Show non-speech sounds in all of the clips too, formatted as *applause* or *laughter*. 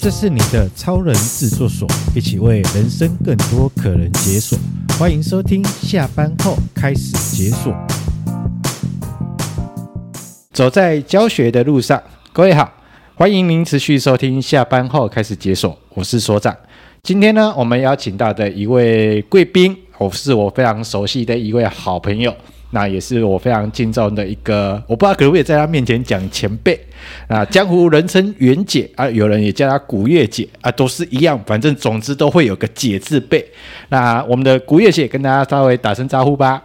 這是你的超人制作所，一起為人生更多可能解鎖。歡迎收聽《下班後開始解鎖》。走在教學的路上，各位好，歡迎您持續收聽《下班後開始解鎖》，我是所長。今天呢，我們邀請到的一位貴賓，我是我非常熟悉的一位好朋友。那也是我非常敬重的一個，我不知道可不可以在他面前講前輩。那江湖人稱媛姐啊，有人也叫她古月姐啊，都是一樣，反正總之都會有個“姐”字輩。那我們的古月姐跟大家稍微打聲招呼吧。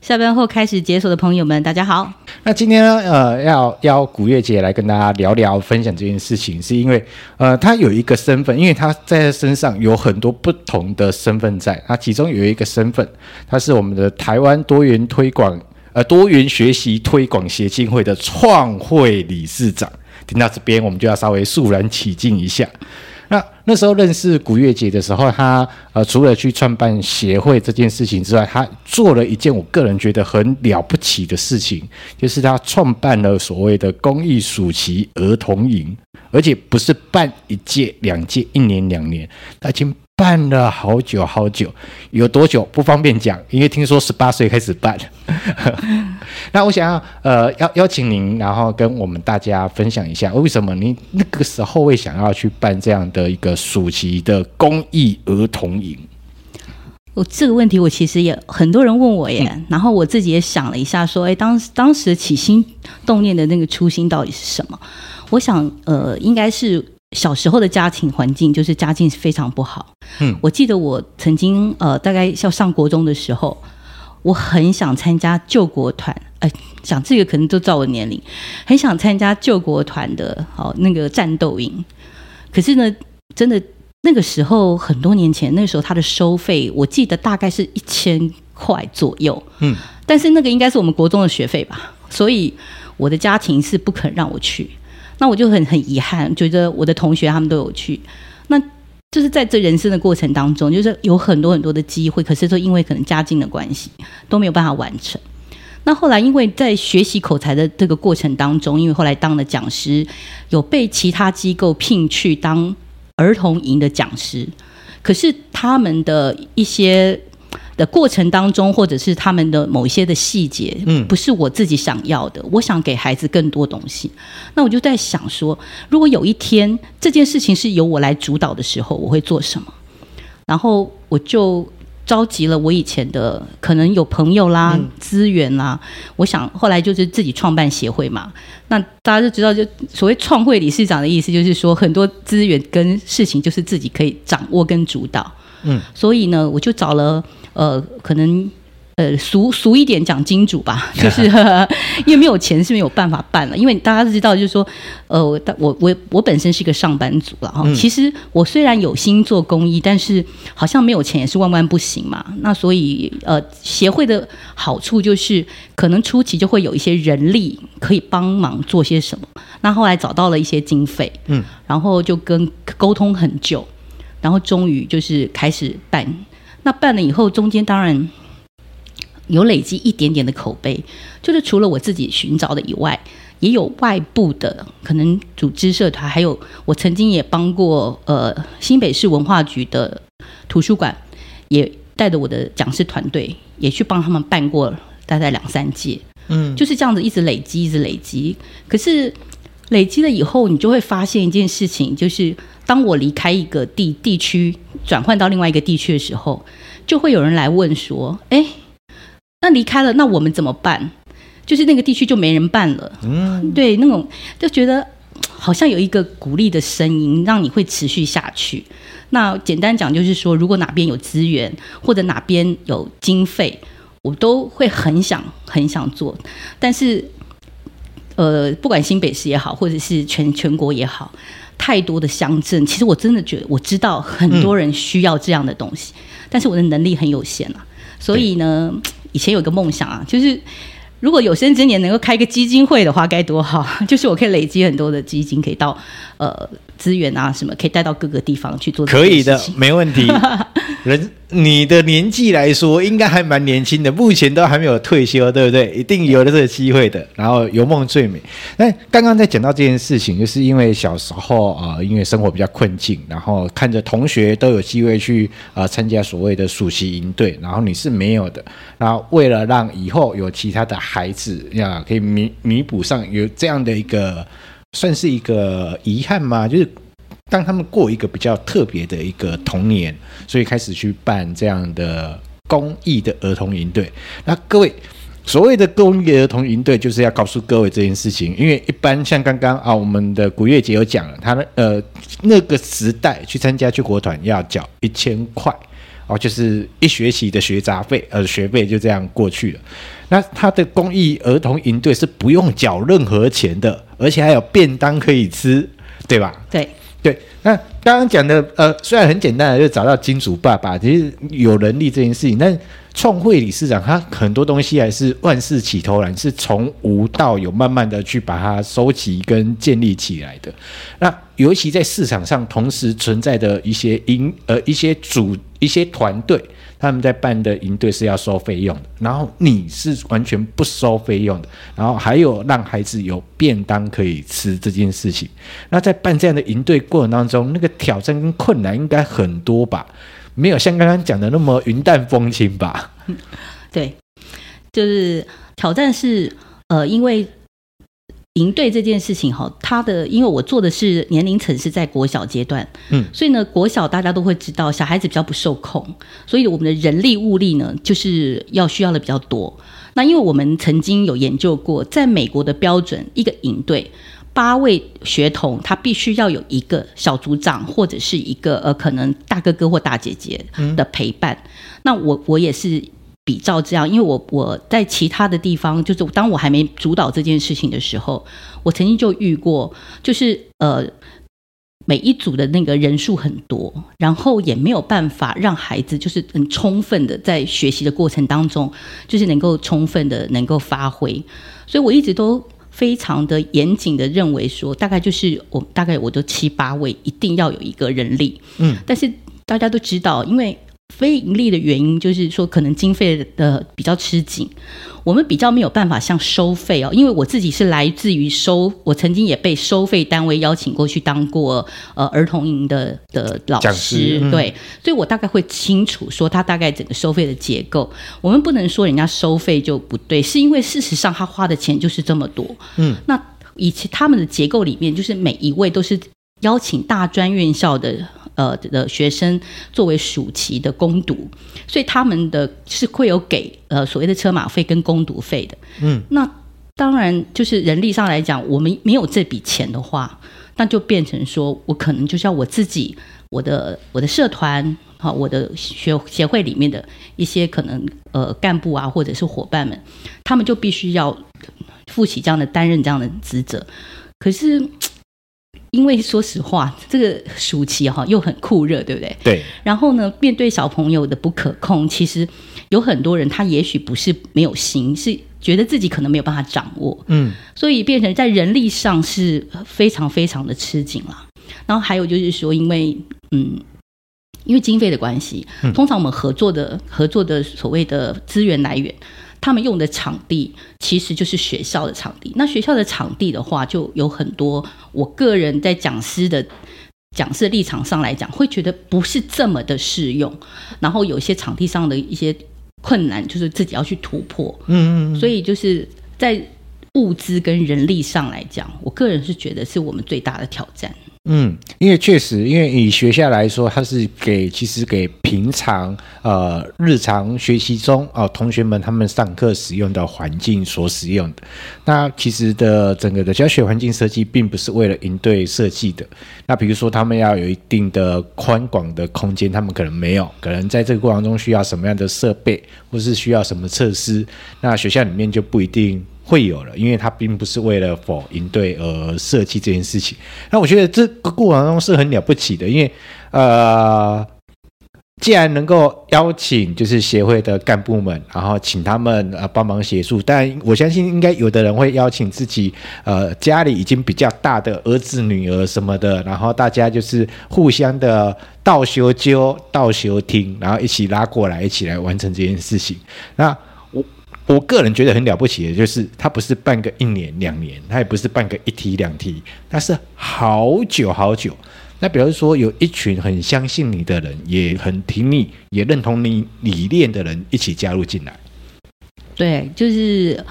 下班後開始解鎖的朋友們，大家好。那今天呢，呃，要邀古月姐來跟大家聊聊、分享這件事情，是因為呃，她有一個身份，因為她在身上有很多不同的身份在。她其中有一個身份，她是我們的台灣多元推廣呃多元學習推廣協進會的創會理事長。聽到這邊，我們就要稍微肅然起敬一下。那那時候認識古月姐的時候，她呃，除了去創辦協會這件事情之外，她做了一件我個人覺得很了不起的事情，就是她創辦了所謂的公益暑期兒童營，而且不是辦一屆、兩屆、一年、兩年，她已經，辦了好久好久，有多久不方便講，因為聽說十八歲開始辦。 *laughs* 那我想要呃，邀邀請您，然後跟我們大家分享一下，為什麼您那個時候會想要去辦這樣的一個暑期的公益兒童營？我這個問題，我其實也很多人問我耶，嗯、然後我自己也想了一下，說，誒，當當時起心動念的那個初心到底是什麼？我想，呃，應該是。小時候的家庭環境就是家境是非常不好。嗯，我記得我曾經呃，大概要上國中的時候，我很想參加救國團，哎、呃，想這個可能都照我年齡，很想參加救國團的，好、呃、那個戰鬥營。可是呢，真的那個時候很多年前，那時候他的收費，我記得大概是一千塊左右。嗯，但是那個應該是我們國中的學費吧，所以我的家庭是不肯讓我去。那我就很很遺憾，覺得我的同學他們都有去，那就是在這人生的過程當中，就是有很多很多的機會，可是都因為可能家境的關係，都沒有辦法完成。那後來因為在學習口才的這個過程當中，因為後來當了講師，有被其他機構聘去當兒童營的講師，可是他們的一些。的過程當中，或者是他們的某一些的細節，嗯，不是我自己想要的。嗯、我想給孩子更多東西，那我就在想說，如果有一天這件事情是由我來主導的時候，我會做什麼？然後我就召集了我以前的，可能有朋友啦、資源啦。嗯、我想後來就是自己創辦協會嘛。那大家就知道，就所謂創會理事長的意思，就是說很多資源跟事情就是自己可以掌握跟主導。嗯，所以呢，我就找了。呃，可能呃俗俗一點講，金主吧，就是 *laughs* *laughs* 因為沒有錢是沒有辦法辦了。因為大家知道，就是說，呃，我我我本身是一個上班族了哈。嗯、其實我雖然有心做公益，但是好像沒有錢也是萬萬不行嘛。那所以呃，協會的好處就是，可能初期就會有一些人力可以幫忙做些什麼。那後來找到了一些經費，嗯，然後就跟溝通很久，然後終於就是開始辦。那辦了以後，中間當然有累積一點點的口碑，就是除了我自己尋找的以外，也有外部的可能組織社團，還有我曾經也幫過呃新北市文化局的圖書館，也帶着我的講師團隊，也去幫他們辦過大概兩三屆，嗯，就是這樣子一直累積，一直累積，可是。累積了以後，你就會發現一件事情，就是當我離開一個地地區，轉換到另外一個地區的時候，就會有人來問說：“哎，那離開了，那我們怎麼辦？就是那個地區就沒人辦了。”嗯，對，那種就覺得好像有一個鼓勵的聲音，讓你會持續下去。那簡單講就是說，如果哪邊有資源或者哪邊有經費，我都會很想很想做，但是，呃，不管新北市也好，或者是全全國也好，太多的鄉鎮，其實我真的覺得我知道很多人需要這樣的東西，嗯、但是我的能力很有限啊，所以呢，對以前有一個夢想啊，就是如果有生之年能夠開個基金會的話，該多好！就是我可以累積很多的基金，可以到。呃，資源啊，什麼可以帶到各個地方去做？可以的，沒問題。 *laughs* 人你的年紀來說，應該還蠻年輕的，目前都還沒有退休，對不對？一定有的這個機會的。對然後有夢最美。那剛剛在講到這件事情，就是因為小時候啊、呃，因為生活比較困境，然後看着同學都有機會去呃參加所謂的暑期營隊，然後你是沒有的。然後為了讓以後有其他的孩子呀可以彌彌補上，有這樣的一個。算是一個遺憾嗎？就是當他們過一個比較特別的一個童年，所以開始去辦這樣的公益的兒童營隊。那各位所謂的公益的兒童營隊，就是要告訴各位這件事情，因為一般像剛剛啊，我們的古月姐有講了，他們呃那個時代去參加救國團要繳一千塊哦，就是一學期的學雜費呃學費就這樣過去了。那他的公益兒童營隊是不用繳任何錢的，而且還有便當可以吃，對吧？對對，那。剛剛講的，呃，雖然很簡單，就是找到金主爸爸，其實有能力這件事情。但創會理事長他很多東西還是萬事起頭難，是從無到有，慢慢的去把它收集跟建立起來的。那尤其在市場上同時存在的一些營，呃，一些組，一些團隊，他們在辦的營隊是要收費用的，然後你是完全不收費用的，然後還有讓孩子有便當可以吃這件事情。那在辦這樣的營隊過程當中，那個。挑戰跟困難應該很多吧，沒有像剛剛講的那麼雲淡風輕吧？對，就是挑戰是呃，因為營隊這件事情哈，它的因為我做的是年齡層是在國小階段，嗯，所以呢國小大家都會知道小孩子比較不受控，所以我們的人力物力呢就是要需要的比較多。那因為我們曾經有研究過，在美國的標準一個營隊。八位學童，他必須要有一個小組長或者是一個呃，可能大哥哥或大姐姐的陪伴。嗯，那我我也是比照這樣，因為我我在其他的地方，就是當我還沒主導這件事情的時候，我曾經就遇過，就是呃，每一組的那個人數很多，然後也沒有辦法讓孩子就是很充分的在學習的過程當中，就是能夠充分的能夠發揮。所以我一直都。非常的嚴謹的認為說，大概就是我大概我都七八位一定要有一個人力，嗯，但是大家都知道，因為。非盈利的原因就是說，可能經費的比較吃緊，我們比較沒有辦法像收費哦，因為我自己是來自於收，我曾經也被收費單位邀請過去當過呃兒童營的的老師，講師，嗯、對，所以我大概會清楚說他大概整個收費的結構。我們不能說人家收費就不對，是因為事實上他花的錢就是這麼多。嗯，那以前他們的結構裡面，就是每一位都是邀請大專院校的。呃，的學生作為暑期的工讀，所以他們的是會有給呃所謂的車馬費跟工讀費的。嗯，那當然就是人力上來講，我們沒有這筆錢的話，那就變成說我可能就像我自己，我的我的社團啊，我的學協會裡面的一些可能呃幹部啊，或者是伙伴們，他們就必須要負起這樣的擔任這樣的職責。可是。因為說實話，這個暑期哈、哦、又很酷熱，對不對？對。然後呢，面對小朋友的不可控，其實有很多人他也許不是沒有心，是覺得自己可能沒有辦法掌握，嗯，所以變成在人力上是非常非常的吃緊了。然後還有就是說，因為嗯，因為經費的關係，通常我們合作的、嗯、合作的所謂的資源來源。他們用的場地其實就是學校的場地。那學校的場地的話，就有很多。我個人在講師的講師的立場上來講，會覺得不是這麼的適用。然後有些場地上的一些困難，就是自己要去突破。嗯，嗯嗯。所以就是在物資跟人力上來講，我個人是覺得是我們最大的挑戰。嗯，因為確實，因為以學校來說，它是給其實給平常呃日常學習中啊、呃、同學們他們上課使用的環境所使用的。那其實的整個的教學環境設計，並不是為了營隊設計的。那比如說，他們要有一定的寬廣的空間，他們可能沒有。可能在這個過程中需要什麼樣的設備，或是需要什麼設施，那學校裡面就不一定會有了，因為他並不是為了否應對而、呃、設計這件事情。那我覺得這個過程中是很了不起的，因為呃，既然能夠邀請就是協會的幹部們，然後請他們、呃、幫忙協助，但我相信應該有的人會邀請自己呃家裡已經比較大的兒子女兒什麼的，然後大家就是互相的道學糾、道學聽，然後一起拉過來，一起來完成這件事情。那。我個人覺得很了不起的，就是他不是辦個一年兩年，他也不是辦個一梯兩梯，他是好久好久。那比如說，有一群很相信你的人，也很聽你，也認同你理念的人，一起加入進來。對，就是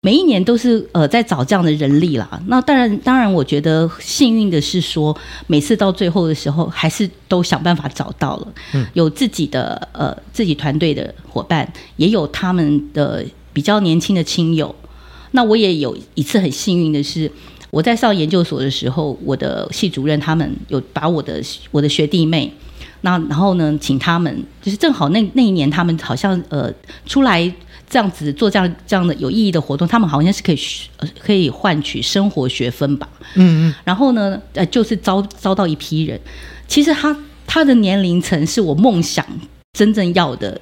每一年都是呃在找這樣的人力啦。那當然，當然，我覺得幸運的是說，每次到最後的時候，還是都想辦法找到了，嗯，有自己的呃自己團隊的伙伴，也有他們的。比較年輕的親友，那我也有一次很幸運的是，我在上研究所的時候，我的系主任他們有把我的我的學弟妹，那然後呢，請他們就是正好那那一年他們好像呃出來這樣子做這樣這樣的有意義的活動，他們好像是可以學可以換取生活學分吧，嗯嗯，然後呢呃就是招招到一批人，其實他他的年齡層是我夢想真正要的。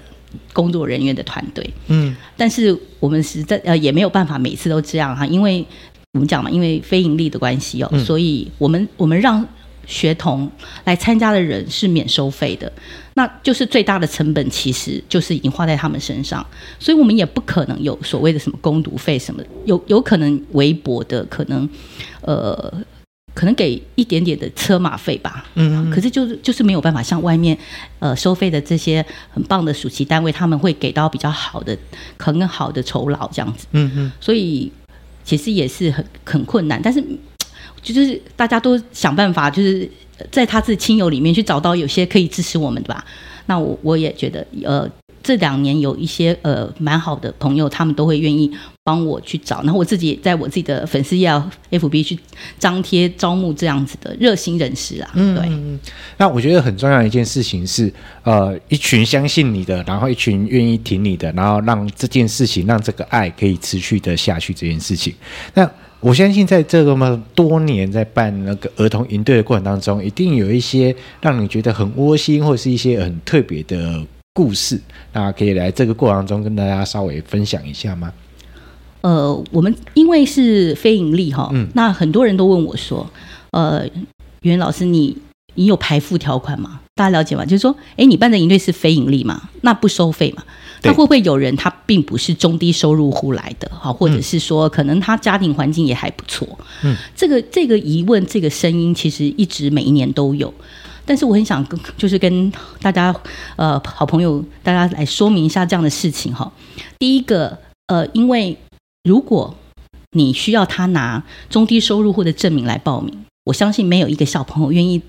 工作人員的團隊，嗯，但是我們實在呃也沒有辦法每次都這樣哈，因為我們講嘛，因為非盈利的關係哦，喔，嗯，所以我們我們讓學童來參加的人是免收費的，那就是最大的成本其實就是已經花在他們身上，所以我們也不可能有所謂的什麼工讀費什麼，有有可能微薄的可能，呃。可能給一點點的車馬費吧，嗯，嗯，可是就是就是沒有辦法像外面，呃，收費的這些很棒的暑期單位，他們會給到比較好的、很好的酬勞這樣子，嗯嗯，所以其實也是很很困難，但是就是大家都想辦法，就是在他自己親友裡面去找到有些可以支持我們的吧，那我我也覺得，呃。這兩年有一些呃蠻好的朋友，他們都會願意幫我去找，然後我自己在我自己的粉絲頁 F B 去張貼招募這樣子的熱心人士啦。嗯，對。那我覺得很重要的一件事情是，呃，一群相信你的，然後一群願意挺你的，然後讓這件事情，讓這個愛可以持續的下去這件事情。那我相信，在這麼多年在辦那個兒童營隊的過程當中，一定有一些讓你覺得很窩心，或者是一些很特別的。故事，那可以來這個過程中跟大家稍微分享一下嗎？呃，我們因為是非盈利哈、哦，嗯，那很多人都問我說，呃，袁老師你，你你有排富條款嗎？大家了解嗎？就是說，哎、欸，你辦的營隊是非盈利嗎？那不收費嘛？那會不會有人他並不是中低收入戶來的哈？或者是說，可能他家庭環境也還不錯？嗯，這個這個疑問，這個聲音，其實一直每一年都有。但是我很想跟，就是跟大家，呃，好朋友大家來說明一下這樣的事情哈。第一個，呃，因為如果你需要他拿中低收入或者證明來報名，我相信沒有一個小朋友願意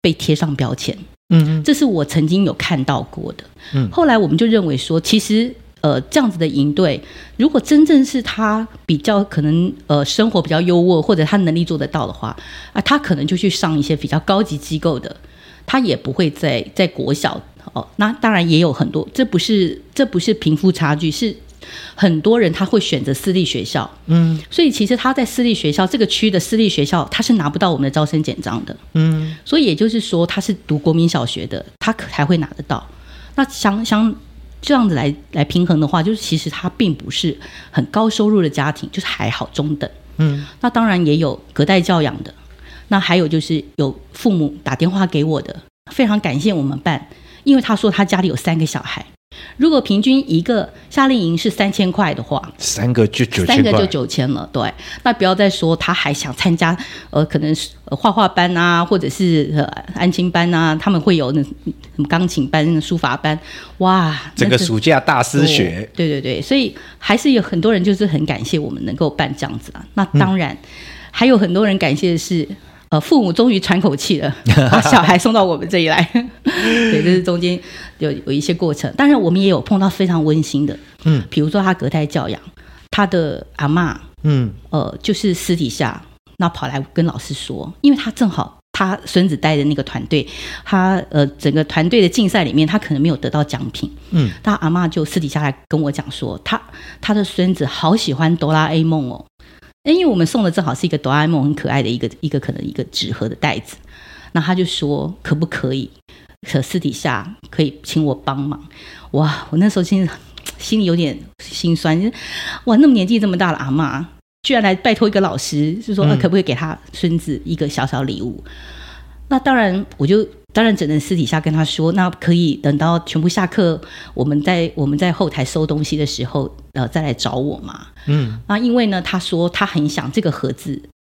被貼上標籤。嗯，嗯，這是我曾經有看到過的。嗯，後來我們就認為說，其實，呃，這樣子的營隊，如果真正是他比較可能，呃，生活比較優渥，或者他能力做得到的話，啊，他可能就去上一些比較高級機構的。他也不會在在國小哦，那當然也有很多，這不是這不是貧富差距，是很多人他會選擇私立學校，嗯，所以其實他在私立學校這個區的私立學校，他是拿不到我們的招生簡章的，嗯，所以也就是說他是讀國民小學的，他可才會拿得到。那想想這樣子來來平衡的話，就是其實他並不是很高收入的家庭，就是還好中等，嗯，那當然也有隔代教養的。那還有就是有父母打電話給我的，非常感謝我們辦，因為他說他家裡有三個小孩，如果平均一個夏令營是三千塊的話，三個就九千，三個就九千了。對，那不要再說他還想參加呃，可能是畫畫班啊，或者是、呃、安親班啊，他們會有那什麼鋼琴班、那書法班，哇，整個暑假大失血、哦。對對對，所以還是有很多人就是很感謝我們能夠辦這樣子啊。那當然，嗯、還有很多人感謝的是。呃，父母終於喘口氣了，把小孩送到我們這裡來， *laughs* *laughs* 對，這是中間有有一些過程，但是我們也有碰到非常溫馨的，嗯，比如說他隔代教養，他的阿嬤，嗯，呃，就是私底下，那、嗯、跑來跟老師說，因為他正好他孫子帶的那個團隊，他呃整個團隊的競賽裡面，他可能沒有得到獎品，嗯，他阿嬤就私底下來跟我講說，他他的孫子好喜歡哆啦 A 夢哦。哎，因為我們送的正好是一個哆啦 A 夢很可愛的一個一個可能一個紙盒的袋子，那他就說可不可以，可私底下可以請我幫忙？哇，我那時候心心裡有點心酸，哇，那麼年紀這麼大的，阿嬤居然來拜托一個老師，就是說他可不可以給他孫子一個小小禮物？嗯、那當然，我就。當然只能私底下跟他說，那可以等到全部下課，我們在我們在後台收東西的時候，呃，再來找我嘛。嗯，啊，因為呢，他說他很想這個盒子，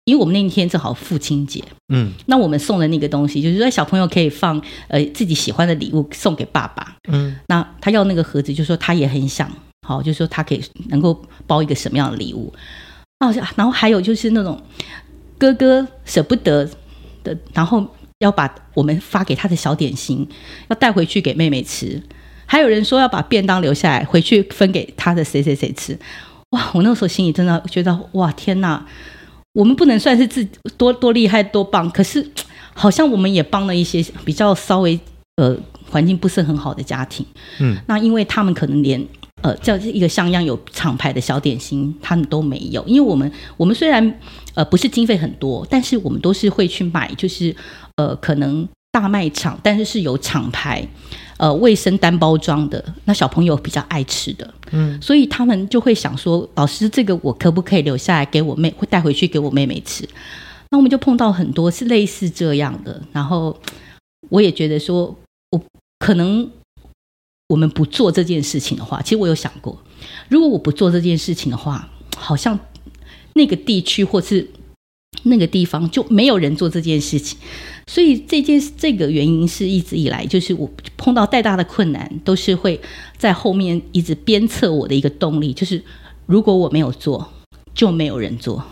因為我們那一天正好父親節。嗯，那我們送的那個東西就是說小朋友可以放呃自己喜歡的禮物送給爸爸。嗯，那他要那個盒子，就說他也很想，好，就說他可以能夠包一個什麼樣的禮物。啊，然後還有就是那種哥哥舍不得的，然後。要把我們發給他的小點心，要帶回去給妹妹吃。還有人說要把便當留下來，回去分給他的誰誰誰吃。哇！我那時候心裡真的覺得，哇天哪！我們不能算是自己多多厲害多棒，可是好像我們也幫了一些比較稍微呃環境不是很好的家庭。嗯，那因為他們可能連呃叫一個像樣有廠牌的小點心，他們都沒有。因為我們我們雖然呃不是經費很多，但是我們都是會去買，就是。呃，可能大賣場，但是是有廠牌，呃，衛生單包裝的，那小朋友比較愛吃的，嗯，所以他們就會想說，老師，這個我可不可以留下來給我妹，會帶回去給我妹妹吃？那我們就碰到很多是類似這樣的，然後我也覺得說，我可能我們不做這件事情的話，其實我有想過，如果我不做這件事情的話，好像那個地區或是，那個地方就沒有人做這件事情，所以這件事這個原因是一直以來就是我碰到再大的困難都是會在後面一直鞭策我的一個動力，就是如果我沒有做，就沒有人做。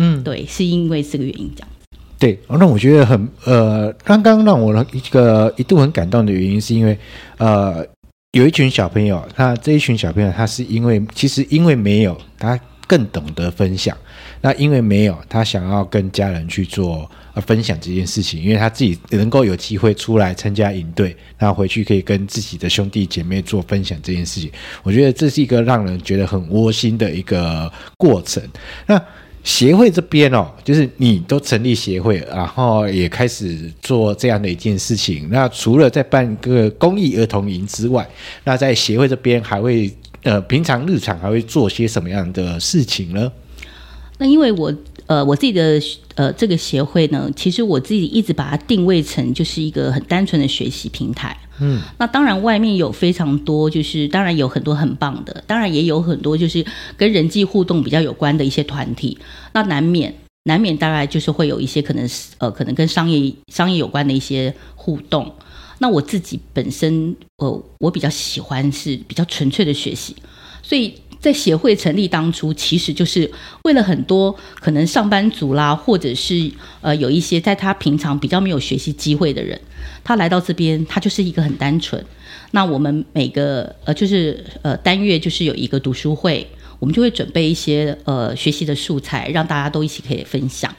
嗯，對，是因為這個原因這樣子對。哦，那我覺得很呃，剛剛讓我一個一度很感動的原因是因為呃，有一群小朋友，他這一群小朋友他是因為其實因為沒有他更懂得分享。那因為沒有，他想要跟家人去做，呃，分享這件事情，因為他自己能夠有機會出來參加營隊，那回去可以跟自己的兄弟姐妹做分享這件事情，我覺得這是一個讓人覺得很窩心的一個過程。那協會這邊哦，就是你都成立協會，然後也開始做這樣的一件事情。那除了在辦個公益兒童營之外，那在協會這邊還會呃，平常日常還會做些什麼樣的事情呢？那因為我呃我自己的呃這個協會呢，其實我自己一直把它定位成就是一個很單純的學習平台。嗯，那當然外面有非常多，就是當然有很多很棒的，當然也有很多就是跟人際互動比較有關的一些團體。那難免難免大概就是會有一些可能是呃可能跟商業商業有關的一些互動。那我自己本身呃我比較喜歡是比較純粹的學習。所以在協會成立當初，其實就是為了很多可能上班族啦，或者是呃有一些在他平常比較沒有學習機會的人，他來到這邊，他就是一個很單純。那我們每個呃，就是呃單月就是有一個讀書會，我們就會準備一些呃學習的素材，讓大家都一起可以分享。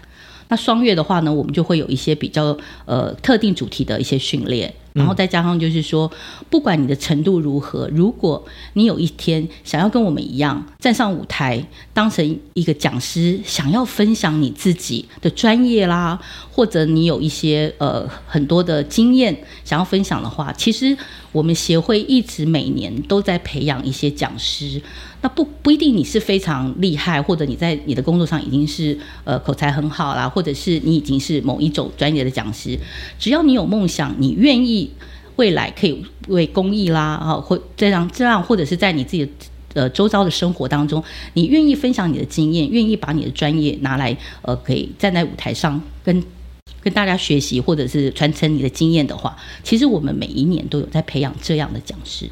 那雙月的話呢，我們就會有一些比較呃特定主題的一些訓練。然後再加上就是說，不管你的程度如何，如果你有一天想要跟我們一樣站上舞台，當成一個講師，想要分享你自己的專業啦，或者你有一些呃很多的經驗想要分享的話，其實我們協會一直每年都在培養一些講師。那不不一定你是非常厲害，或者你在你的工作上已經是呃口才很好啦，或者是你已經是某一種專業的講師。只要你有夢想，你願意未來可以為公益啦啊，或這樣這樣，或者是在你自己的呃周遭的生活當中，你願意分享你的經驗，願意把你的專業拿來呃，可以站在舞台上跟跟大家學習，或者是傳承你的經驗的話，其實我們每一年都有在培養這樣的講師。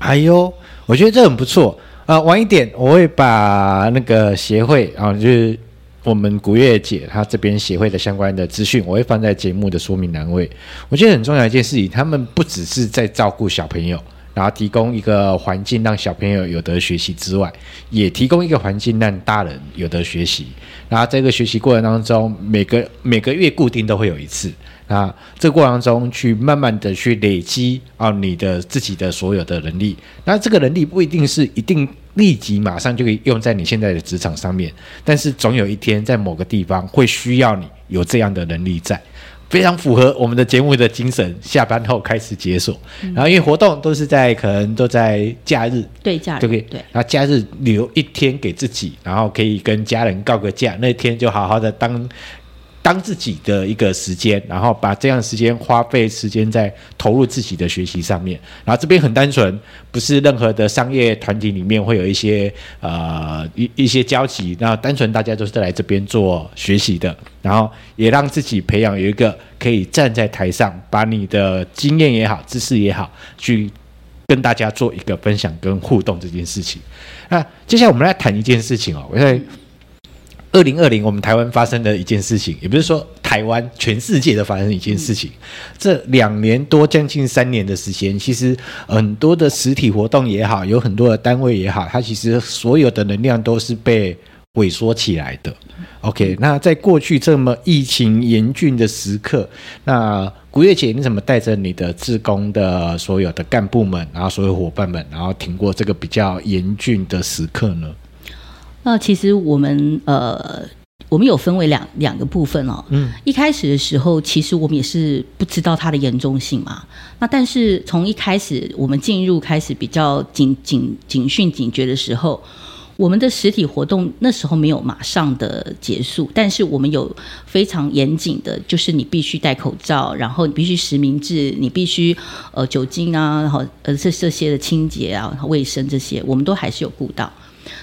哎呦，我覺得這很不錯。啊、呃，晚一點我會把那個協會啊、呃，就是我們古月姐她這邊協會的相關的資訊，我會放在節目的說明欄位。我覺得很重要一件事情，他們不只是在照顧小朋友，然後提供一個環境讓小朋友有得學習之外，也提供一個環境讓大人有得學習。然後這個學習過程當中，每個每個月固定都會有一次。啊，這過程中去慢慢的去累積啊，你的自己的所有的能力，那這個能力不一定是一定立即馬上就可以用在你現在的職場上面，但是總有一天在某個地方會需要你有這樣的能力在，非常符合我們的節目的精神。下班後開始解鎖，嗯、然後因為活動都是在可能都在假日對，假日就可以對，然後假日留一天給自己，然後可以跟家人告個假，那天就好好的當。當自己的一個時間，然後把這樣的時間花費時間在投入自己的學習上面，然後這邊很單純，不是任何的商業團體裡面會有一些呃一一些交集，那單純大家都是來這邊做學習的，然後也讓自己培養有一個可以站在台上，把你的經驗也好、知識也好，去跟大家做一個分享跟互動這件事情。那接下來我們來談一件事情哦，我在。二零二零，我們台灣發生的一件事情，也不是說台灣，全世界都發生一件事情。嗯、這兩年多將近三年的時間，其實很多的實體活動也好，有很多的單位也好，它其實所有的能量都是被萎縮起來的。OK，那在過去這麼疫情嚴峻的時刻，那古月姐，你怎麼帶着你的志工的所有的幹部們，然後所有夥伴們，然後挺過這個比較嚴峻的時刻呢？那、呃、其實我們呃，我們有分為兩兩個部分哦。嗯，一開始的時候，其實我們也是不知道它的嚴重性嘛。那但是從一開始我們進入開始比較警警警訊警覺的時候，我們的實體活動那時候沒有馬上的結束，但是我們有非常嚴謹的，就是你必須戴口罩，然後你必須實名制，你必須呃酒精啊，然後呃這這些的清潔啊、衛生這些，我們都還是有顧到。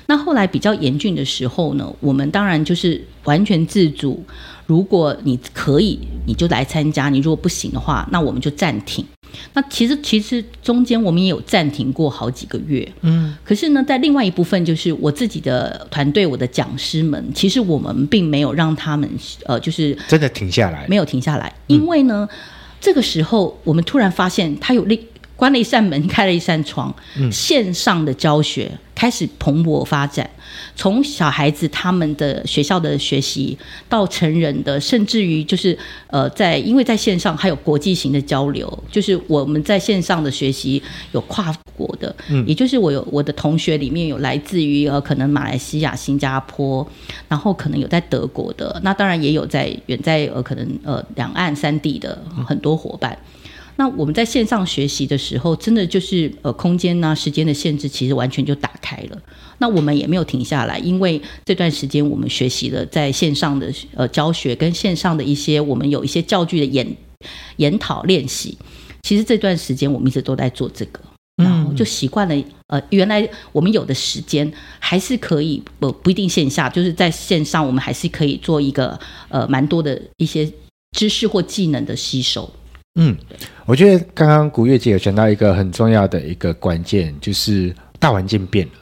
那後來比較嚴峻的時候呢，我們當然就是完全自主。如果你可以，你就來參加；你如果不行的話，那我們就暫停。那其實其實中間我們也有暫停過好幾個月。嗯。可是呢，在另外一部分，就是我自己的團隊，我的講師們，其實我們並沒有讓他們呃，就是真的停下來，沒有停下來。因為呢，嗯，這個時候我們突然發現他有關了一扇門，開了一扇窗。線上的教學開始蓬勃發展，從小孩子他們的學校的學習，到成人的，甚至於就是呃，在因為在線上還有國際性的交流，就是我們在線上的學習有跨國的，嗯，也就是我有我的同學裡面有來自於呃可能馬來西亞、新加坡，然後可能有在德國的，那當然也有在遠在呃可能呃兩岸三地的很多夥伴。哦那我們在線上學習的時候，真的就是呃，空間呢、啊、時間的限制其實完全就打開了。那我們也沒有停下來，因為這段時間我們學習了在線上的呃教學跟線上的一些我們有一些教具的研研討練習。其實這段時間我們一直都在做這個，嗯嗯，然後就習慣了。呃，原來我們有的時間還是可以不、呃、不一定線下，就是在線上我們還是可以做一個呃蠻多的一些知識或技能的吸收。嗯，我覺得剛剛古月姐有講到一個很重要的一個關鍵，就是大環境變了，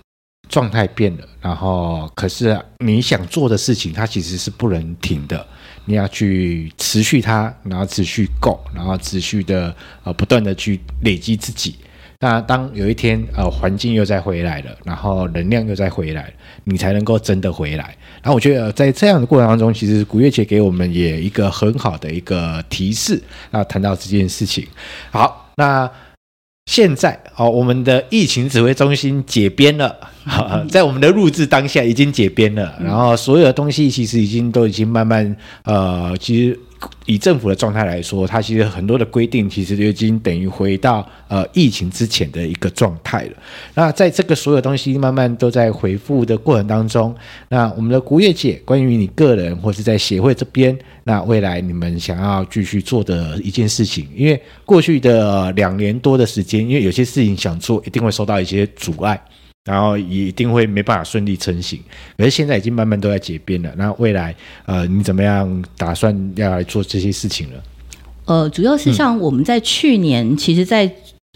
狀態變了，然後可是、啊、你想做的事情，它其實是不能停的，你要去持續它，然後持續夠，然後持續的、呃、不斷的去累積自己。那當有一天，呃，環境又再回來了，然後能量又再回來了，你才能夠真的回來。然後我覺得，呃、在這樣的過程當中，其實古月姐給我們也一個很好的一個提示。那、啊、談到這件事情，好，那現在哦、呃，我們的疫情指揮中心解編了、呃，在我們的錄製當下已經解編了，然後所有的東西其實已經都已經慢慢呃，其實以政府的狀態來說，它其實很多的規定，其實就已經等於回到呃疫情之前的一個狀態了。那在這個所有東西慢慢都在回復的過程當中，那我們的古月姐，關於你個人或是在協會這邊，那未來你們想要繼續做的一件事情，因為過去的呃、兩年多的時間，因為有些事情想做，一定會受到一些阻礙。然後也一定會沒辦法順利成行，可是現在已經慢慢都在解禁了。那未來呃，你怎麼樣打算要來做這些事情呢？呃，主要是像我們在去年，嗯、其實在，在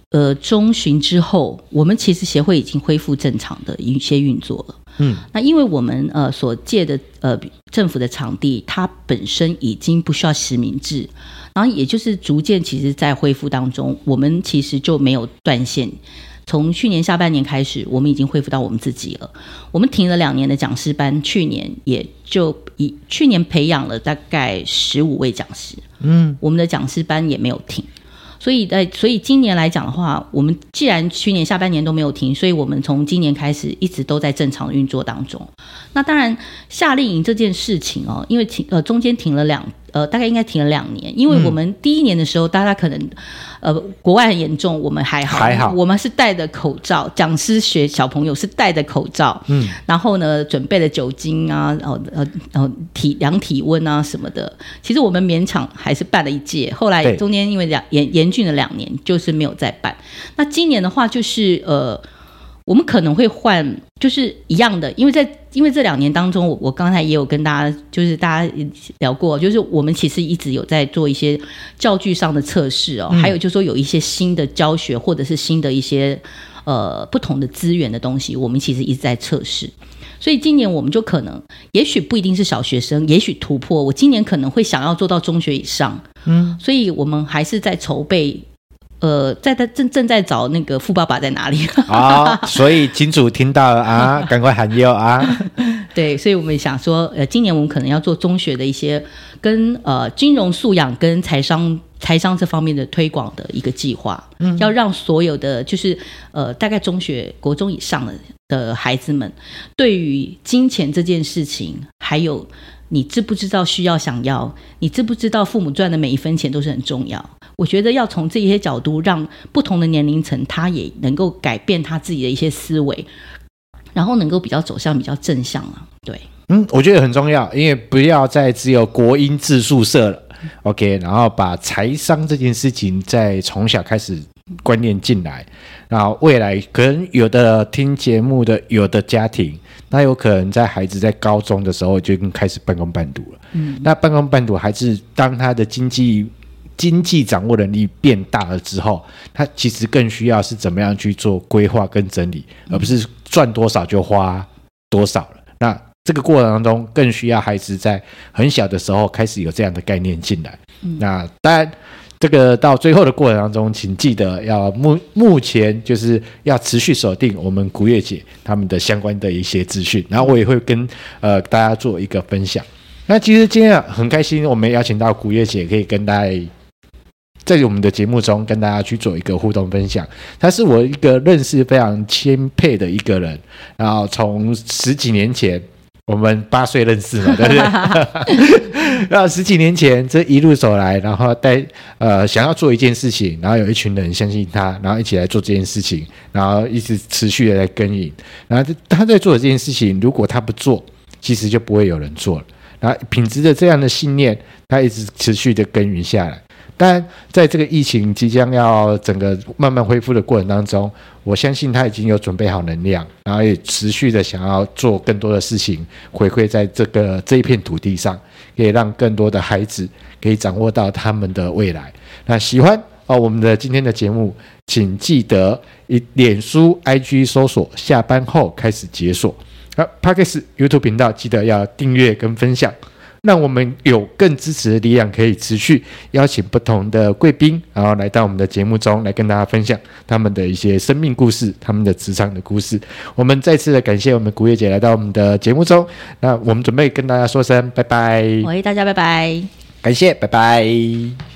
呃中旬之後，我們其實協會已經恢復正常的一些運作了。嗯，那因為我們呃所借的呃政府的場地，它本身已經不需要實名制，然後也就是逐漸其實在恢復當中，我們其實就沒有斷線。從去年下半年開始，我們已經恢復到我們自己了。我們停了兩年的講師班，去年也就以去年培養了大概十五位講師。嗯，我們的講師班也沒有停，所以，所以今年來講的話，我們既然去年下半年都沒有停，所以我們從今年開始一直都在正常運作當中。那當然，夏令營這件事情哦，因為停呃中間停了兩。呃，大概應該停了兩年，因為我們第一年的時候，大家可能，呃，國外很嚴重，我們還好，還好，我們是戴着口罩，講師學小朋友是戴着口罩，嗯，然後呢，準備了酒精啊，然、呃、後，然、呃、後體量體溫啊什麼的，其實我們勉強還是辦了一屆，後來中間因為兩嚴嚴，嚴峻了兩年，就是沒有再辦。對那今年的話，就是呃，我們可能會換，就是一樣的，因為在。因為這兩年當中，我我剛才也有跟大家就是大家聊過，就是我們其實一直有在做一些教具上的測試哦，還有就是說有一些新的教學或者是新的一些呃不同的資源的東西，我們其實一直在測試。所以今年我們就可能，也許不一定是小學生，也許突破。我今年可能會想要做到中學以上，嗯，所以我們還是在籌備。呃，在他正正在找那個富爸爸在哪裡？啊，oh, 所以金主聽到了 *laughs* 啊，趕快喊喲啊！ *laughs* 對，所以我們想說，呃，今年我們可能要做中學的一些跟呃金融素養跟財商財商這方面的推廣的一個計劃，嗯，要讓所有的就是呃大概中學國中以上的的孩子們，對於金錢這件事情，還有你知不知道需要想要，你知不知道父母賺的每一分錢都是很重要。我覺得要從這些角度，讓不同的年齡層，他也能夠改變他自己的一些思維，然後能夠比較走向比較正向了，啊。對，嗯，我覺得很重要，因為不要再只有國英字數社了，OK，然後把財商這件事情再從小開始觀念進來，那未來可能有的聽節目的，有的家庭，那有可能在孩子在高中的時候就已經開始半工半讀了。嗯，那半工半讀還是當他的經濟。經濟掌握能力變大了之後，他其實更需要是怎麼樣去做規劃跟整理，而不是賺多少就花多少了。那這個過程當中，更需要孩子在很小的時候開始有這樣的概念進來。嗯、那當然，這個到最後的過程當中，請記得要目目前就是要持續鎖定我們古月姐他們的相關的一些資訊，然後我也會跟呃大家做一個分享。那其實今天很開心，我們邀請到古月姐可以跟大家，在我們的節目中跟大家去做一個互動分享，他是我一個認識非常欽佩的一個人，然後從十幾年前我們八歲認識嘛，對不對？ *laughs* *laughs* 然後十幾年前這一路走來，然後帶呃想要做一件事情，然後有一群人相信他，然後一起來做這件事情，然後一直持續的來耕耘。然後他在做的這件事情，如果他不做，其實就不會有人做了。然後秉持着這樣的信念，他一直持續的耕耘下來。但在這個疫情即將要整個慢慢恢復的過程當中，我相信他已經有準備好能量，然後也持續的想要做更多的事情，回饋在這個這一片土地上，可以讓更多的孩子可以掌握到他們的未來。那喜歡哦我們的今天的節目，請記得以臉書、IG 搜索“下班後開始解鎖”。那 Podcast YouTube 頻道，記得要訂閱跟分享。那我們有更支持的力量，可以持續邀請不同的貴賓，然後來到我們的節目中來跟大家分享他們的一些生命故事、他們的職場的故事。我們再次的感謝我們古月姐來到我們的節目中。那我們準備跟大家說聲拜拜，歡迎大家拜拜，感謝，拜拜。